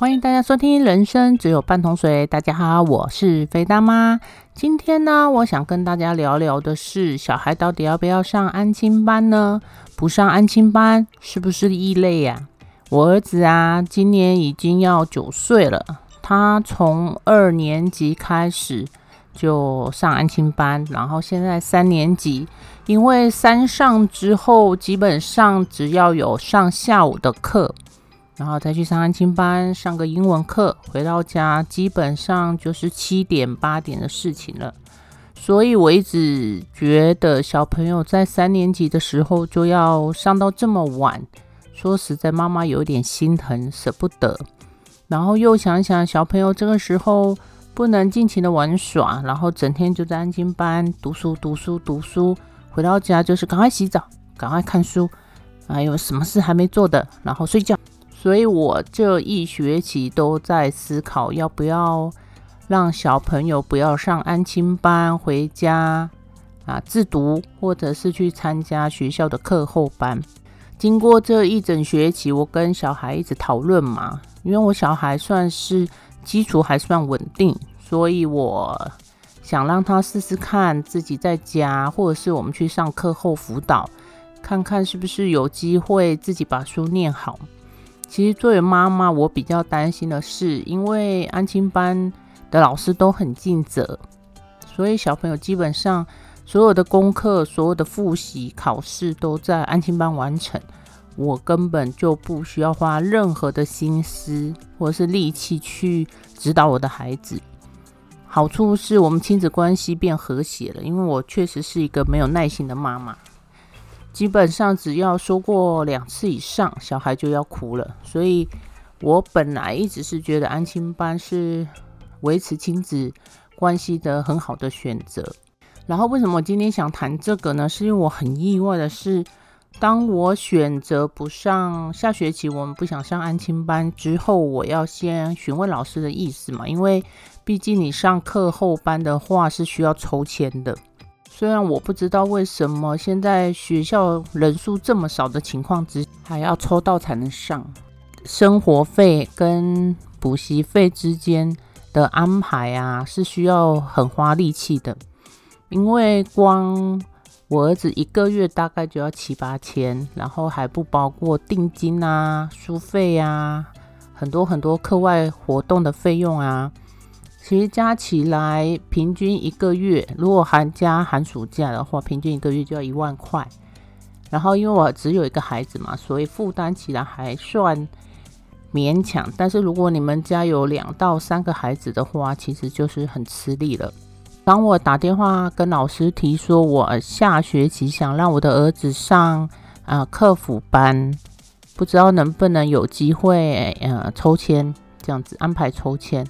歡迎大家收聽《人生只有半桶水》。大家好，我是瘋大媽。今天呢，我想跟大家聊聊的是，小孩到底要不要上安親班呢？不上安親班是不是異類呀？啊？我兒子啊，今年已經要九歲了，他從二年級開始就上安親班，然後現在三年級，因為三上之後，基本上只要有上下午的課。然後再去上安親班，上個英文課，回到家基本上就是七點八點的事情了。所以我一直覺得小朋友在三年級的時候就要上到這麼晚，說實在，媽媽有點心疼，舍不得。然後又想想，小朋友這個時候不能盡情的玩耍，然後整天就在安親班讀書讀書讀書，回到家就是趕快洗澡，趕快看書，還、哎、有什麼事還沒做的，然後睡覺。所以，我這一學期都在思考，要不要讓小朋友不要上安親班，回家啊自讀，或者是去參加學校的課後班。經過這一整學期，我跟小孩一直討論嘛，因為我小孩算是基礎還算穩定，所以我想讓他試試看，自己在家，或者是我們去上課後輔導，看看是不是有機會自己把書念好。其實作為媽媽，我比較擔心的是，因為安親班的老師都很盡責，所以小朋友基本上所有的功課、所有的複習、考試都在安親班完成。我根本就不需要花任何的心思或者是力氣去指導我的孩子。好處是我們親子關係變和諧了，因為我確實是一個沒有耐心的媽媽。基本上只要說過兩次以上，小孩就要哭了。所以我本來一直是覺得安親班是維持親子關係的很好的選擇。然後為什麼我今天想談這個呢？是因為我很意外的是，當我選擇不上下學期我們不想上安親班之後，我要先詢問老師的意思嘛，因為畢竟你上課後班的話是需要抽籤的。雖然我不知道為什麼現在學校人數這麼少的情況之下還要抽到才能上。生活費跟補習費之間的安排啊，是需要很花力氣的，因為光我兒子一個月大概就要七八千，然後還不包括定金啊、書費啊、很多很多課外活動的費用啊。其實加起來平均一個月，如果寒假、寒暑假的話，平均一個月就要一萬塊。然後因為我只有一個孩子嘛，所以負擔起來還算勉強。但是如果你們家有兩到三個孩子的話，其實就是很吃力了。當我打電話跟老師提說，我下學期想讓我的兒子上啊、呃、課輔班，不知道能不能有機會，嗯、呃，抽籤這樣子安排抽籤。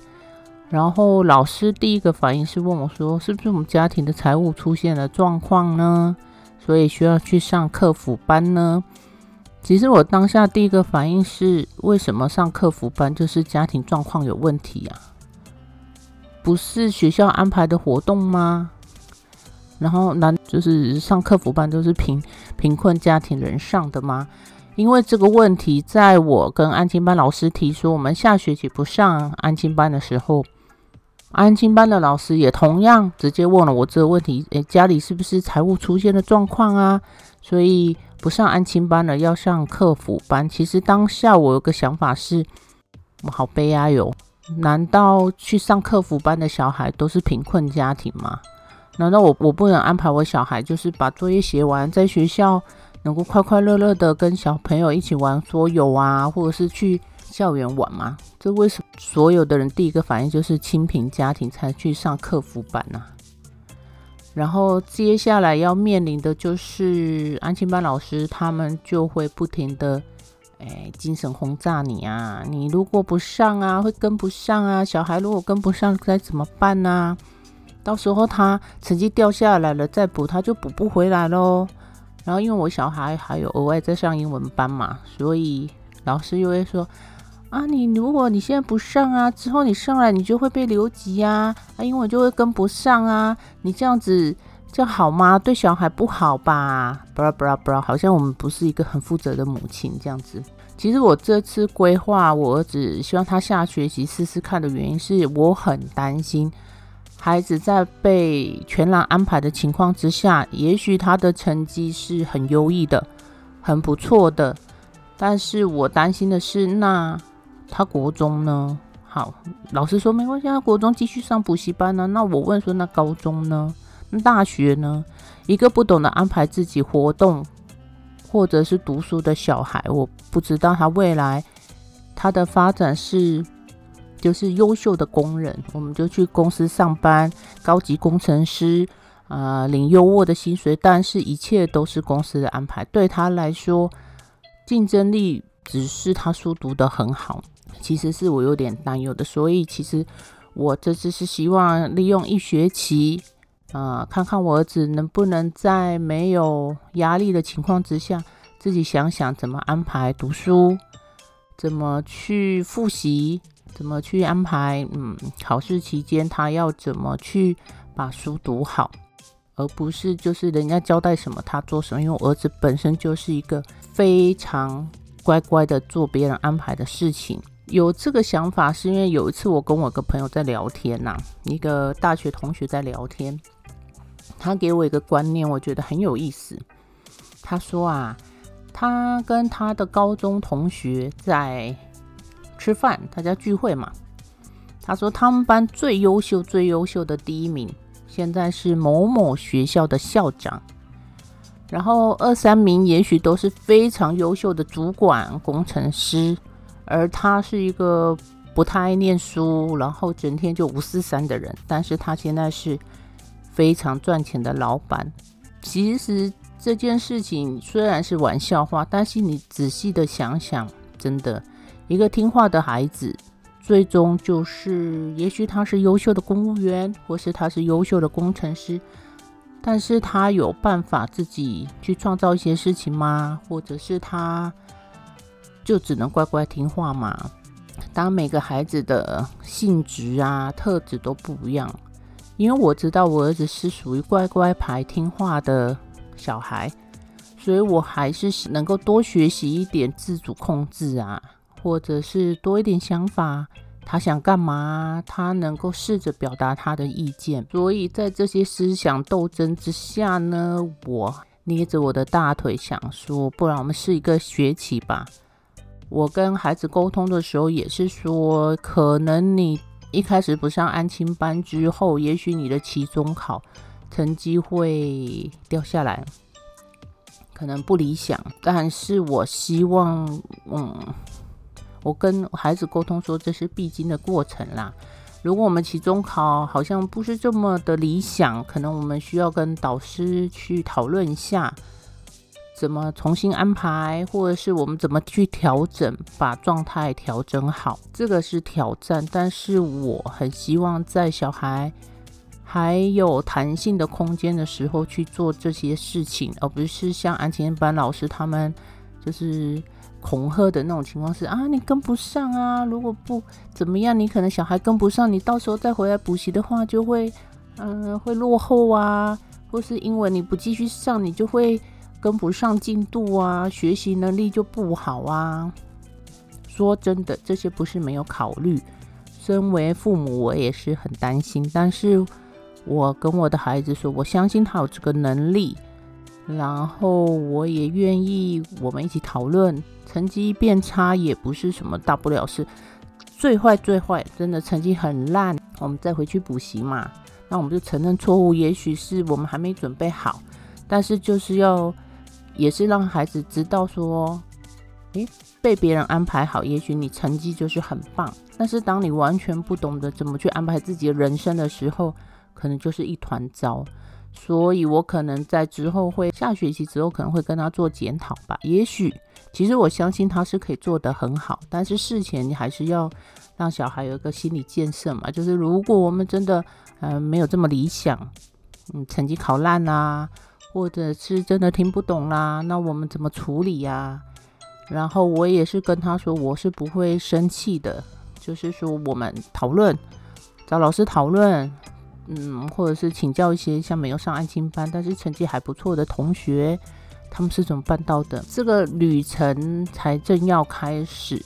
然後老師第一個反應是問我說：“是不是我們家庭的財務出現了狀況呢？所以需要去上課輔班呢？”其實我當下第一個反應是：“為什麼上課輔班就是家庭狀況有問題啊？不是學校安排的活動嗎？然後難就是上課輔班都是貧貧困家庭人上的嗎？因為這個問題，在我跟安親班老師提出我們下學期不上安親班的時候。”安親班的老師也同樣直接問了我這個問題，誒、欸，家裡是不是財務出現了狀況啊？所以不上安親班了，要上課輔班。其實當下我有個想法是，我好悲哀、啊、喲！難道去上課輔班的小孩都是貧困家庭嗎？難道我我不能安排我小孩，就是把作業寫完，在學校能夠快快樂樂的跟小朋友一起玩桌遊啊，或者是去校園網嗎？這為什麼所有的人第一個反應就是清貧家庭才去上課輔班呢？啊？然後接下來要面臨的就是安親班老師他們就會不停的、哎，精神轟炸你啊！你如果不上啊，會跟不上啊！小孩如果跟不上該怎麼辦呢？啊？到時候他成績掉下來了再補，他就補不回來嘍、哦。然後因為我小孩還有額外在上英文班嘛，所以老師又會說。啊，你如果你現在不上啊，之後你上來你就會被留級啊，啊，英文就會跟不上啊。你這樣子這樣好嗎？對小孩不好吧？不啦不啦不啦，好像我們不是一個很負責的母親這樣子。其實我這次規劃我兒子希望他下學期試試看的原因是，我很擔心孩子在被全然安排的情況之下，也許他的成績是很優異的，很不錯的，但是我擔心的是那。他國中呢？好，老師說沒關係，他國中繼續上補習班呢。那我問說，那高中呢？那大學呢？一個不懂得安排自己活動或者是讀書的小孩，我不知道他未來他的發展是就是優秀的工人，我們就去公司上班，高級工程師啊、呃，領優渥的薪水。但是，一切都是公司的安排，對他來說，競爭力只是他書讀得很好。其實是我有點擔憂的，所以其實我這次是希望利用一學期，啊、呃，看看我兒子能不能在沒有壓力的情況之下，自己想想怎麼安排讀書，怎麼去複習，怎麼去安排，嗯，考試期間他要怎麼去把書讀好，而不是就是人家交代什麼他做什麼，因為我兒子本身就是一個非常乖乖的做別人安排的事情。有這個想法，是因為有一次我跟我個朋友在聊天吶、啊，一個大學同學在聊天，他給我一個觀念，我覺得很有意思。他說啊，他跟他的高中同學在吃飯，大家聚會嘛。他說他們班最優秀、最優秀的第一名，現在是某某學校的校長，然後二三名也許都是非常優秀的主管、工程師。而他是一個不太愛念書，然後整天就五四三的人。但是他現在是非常賺錢的老闆。其實這件事情雖然是玩笑話，但是你仔細的想想，真的，一個聽話的孩子，最終就是，也許他是優秀的公務員，或是他是優秀的工程師，但是他有辦法自己去創造一些事情嗎？或者是他？就只能乖乖聽話嘛？當每個孩子的性質啊、特質都不一樣。因為我知道我兒子是屬於乖乖牌、聽話的小孩，所以我還是能夠多學習一點自主控制啊，或者是多一點想法。他想幹嘛？他能夠試着表達他的意見。所以在這些思想鬥爭之下呢，我捏着我的大腿想說：不然我們試一個學期吧。我跟孩子溝通的時候，也是說，可能你一開始不上安親班之後，也許你的期中考成績會掉下來，可能不理想。但是我希望，嗯，我跟孩子溝通說，這是必經的過程啦。如果我們期中考好像不是這麼的理想，可能我們需要跟導師去討論一下。怎麼重新安排，或者是我們怎麼去調整，把狀態調整好，這個是挑戰。但是我很希望在小孩還有彈性的空間的時候去做這些事情，而不是像安親班老師他們就是恐嚇的那種情況是，是啊，你跟不上啊，如果不怎麼樣，你可能小孩跟不上，你到時候再回來補習的話，就會嗯、呃、會落後啊，或是因為你不繼續上，你就會。跟不上進度啊，學習能力就不好啊。說真的，這些不是沒有考慮。身為父母，我也是很擔心。但是我跟我的孩子說，我相信他有這個能力。然後我也願意我們一起討論。成績變差也不是什麼大不了事。最壞最壞，真的成績很爛，我們再回去補習嘛。那我們就承認錯誤，也許是我們還沒準備好。但是就是要。也是讓孩子知道說，誒、欸，被別人安排好，也許你成績就是很棒。但是當你完全不懂得怎麼去安排自己的人生的時候，可能就是一團糟。所以我可能在之後會下學期之後可能會跟他做檢討吧。也許其實我相信他是可以做得很好，但是事前你還是要讓小孩有一個心理建設嘛。就是如果我們真的嗯、呃、沒有這麼理想，嗯，成績考爛啊。或者是真的聽不懂啦，那我們怎麼處理呀、啊？然後我也是跟他說，我是不會生氣的，就是說我們討論，找老師討論，嗯，或者是請教一些像沒有上安親班但是成績還不錯的同學，他們是怎麼辦到的？這個旅程才正要開始，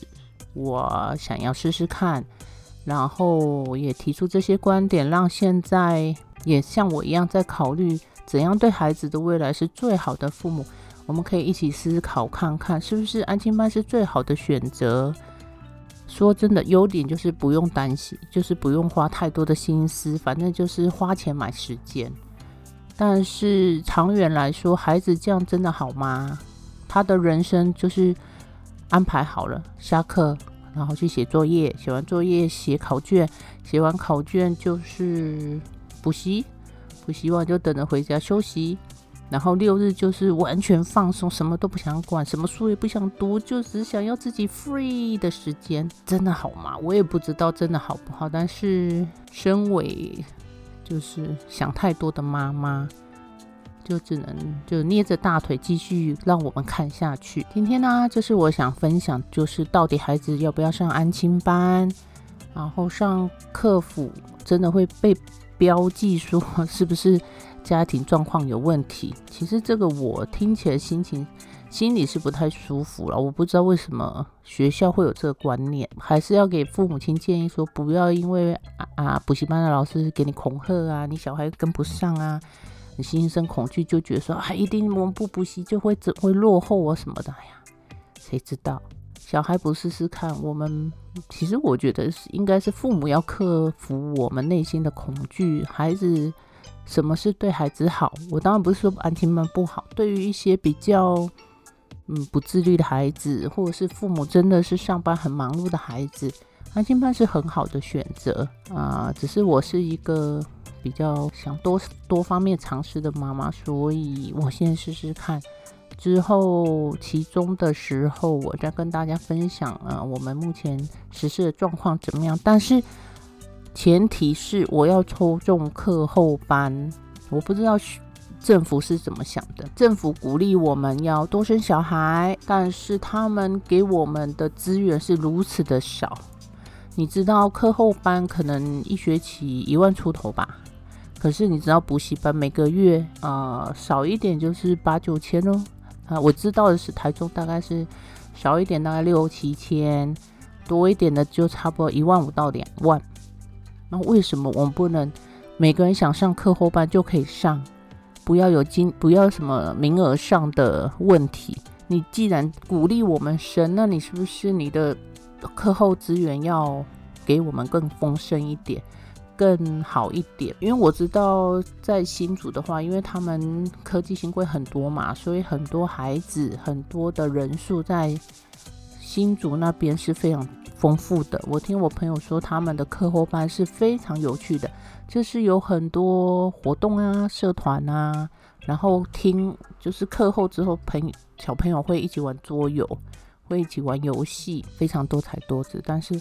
我想要試試看，然後也提出這些觀點，讓現在，也像我一樣在考慮怎樣對孩子的未來是最好的父母，我們可以一起思考看看，是不是安親班是最好的選擇？說真的，優點就是不用擔心，就是不用花太多的心思，反正就是花錢買時間。但是長遠來說，孩子這樣真的好嗎？他的人生就是安排好了，下課然後去寫作業，寫完作業寫考卷，寫完考卷就是。補習，補習完就等着回家休息。然後六日就是完全放鬆，什麼都不想管，什麼書也不想讀，就只想要自己 free 的時間。真的好嗎？我也不知道真的好不好。但是身為就是想太多的媽媽，就只能就捏着大腿繼續讓我們看下去。今天呢，就是我想分享，就是到底孩子要不要上安親班，然後上課輔真的會被。標記說是不是家庭狀況有問題？其實這個我聽起來心情心裡是不太舒服了，我不知道為什麼學校會有這個觀念，還是要給父母親建議說，不要因為啊，啊補習班的老師給你恐嚇啊，你小孩跟不上啊，你心生恐懼就覺得說啊一定我們不補習就會會落後啊什麼的。哎呀，誰知道？小孩不試試看，我們。其實我覺得是應該是父母要克服我們內心的恐懼。孩子什麼是對孩子好？我當然不是說安親班不好。對於一些比較嗯不自律的孩子，或者是父母真的是上班很忙碌的孩子，安親班是很好的選擇啊、呃。只是我是一個比較想多多方面嘗試的媽媽，所以我先試試看。之後，抽中的時候，我再跟大家分享啊，我們目前實施的狀況怎麼樣？但是前提是我要抽中課後班，我不知道政府是怎麼想的。政府鼓勵我們要多生小孩，但是他們給我們的資源是如此的少。你知道課後班可能一學期一萬出頭吧？可是你知道補習班每個月啊、呃、少一點就是八九千哦。啊，我知道的是，台中大概是少一點，大概六七千，多一點的就差不多一萬五到兩萬。那為什麼我們不能每個人想上課後班就可以上？不要有金，不要什麼名額上的問題。你既然鼓勵我們升，那你是不是你的課後資源要給我們更豐盛一點？更好一點，因為我知道在新竹的話，因為他們科技新貴很多嘛，所以很多孩子很多的人數在新竹那邊是非常豐富的。我聽我朋友說，他們的課後班是非常有趣的，就是有很多活動啊、社團啊，然後聽就是課後之後，朋友小朋友會一起玩桌遊，會一起玩遊戲，非常多才多姿。但是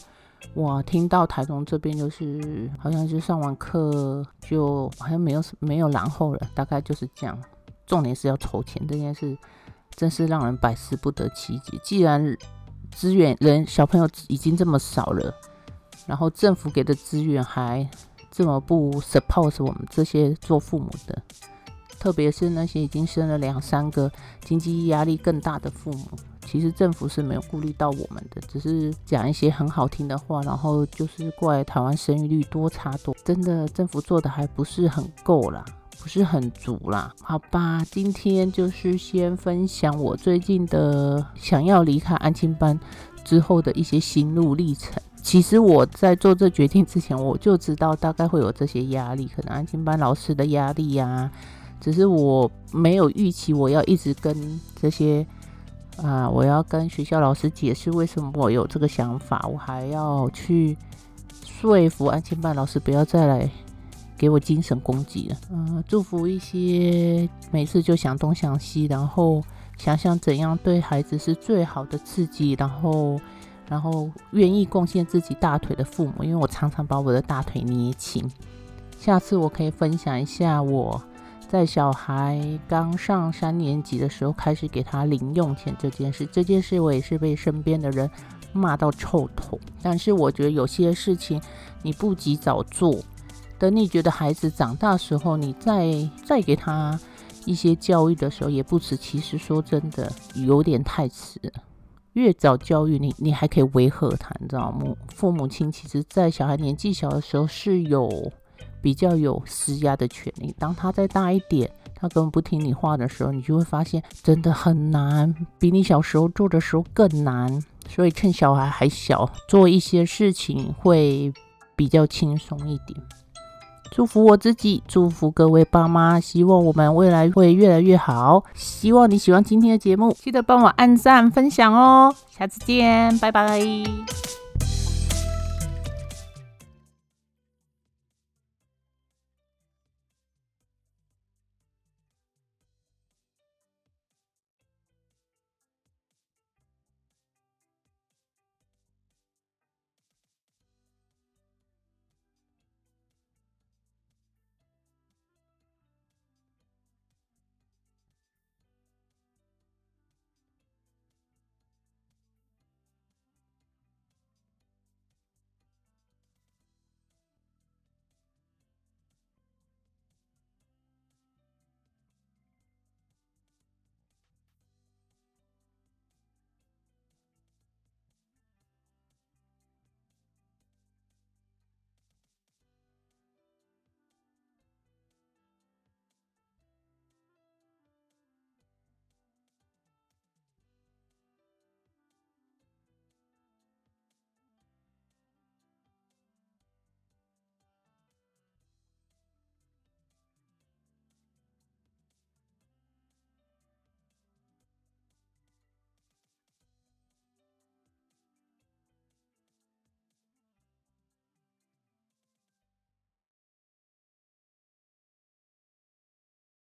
我聽到台中這邊就是，好像是上完課就好像沒有什沒有然後了，大概就是這樣。重點是要籌錢這件事，真是讓人百思不得其解。既然資源人小朋友已經這麼少了，然後政府給的資源還這麼不 support 我們這些做父母的。特別是那些已經生了兩三個、經濟壓力更大的父母，其實政府是沒有顧慮到我們的，只是講一些很好聽的話，然後就是怪台灣生育率多差多，真的政府做的還不是很夠啦，不是很足啦。好吧，今天就是先分享我最近的想要離開安親班之後的一些心路歷程。其實我在做這決定之前，我就知道大概會有這些壓力，可能安親班老師的壓力呀、啊。只是我沒有預期，我要一直跟這些啊、呃，我要跟學校老師解釋為什麼我有這個想法，我還要去說服安親班老師不要再來給我精神攻擊了。嗯、呃，祝福一些每次就想東想西，然後想想怎樣對孩子是最好的刺激，然後然後願意貢獻自己大腿的父母，因為我常常把我的大腿捏青。下次我可以分享一下我。在小孩剛上三年級的時候開始給他零用錢這件事，這件事我也是被身邊的人罵到臭頭。但是我覺得有些事情你不及早做，等你覺得孩子長大時候，你再再給他一些教育的時候也不遲。其實說真的，有點太遲了。越早教育你，你還可以維和他，你知道嗎？父母親其實，在小孩年紀小的時候是有。比較有施壓的權利。當他再大一點，他根本不聽你話的時候，你就會發現真的很難，比你小時候做的時候更難。所以趁小孩還小，做一些事情會比較輕鬆一點。祝福我自己，祝福各位爸媽，希望我們未來會越來越好。希望你喜歡今天的節目，記得幫我按讚、分享哦。下次見，拜拜。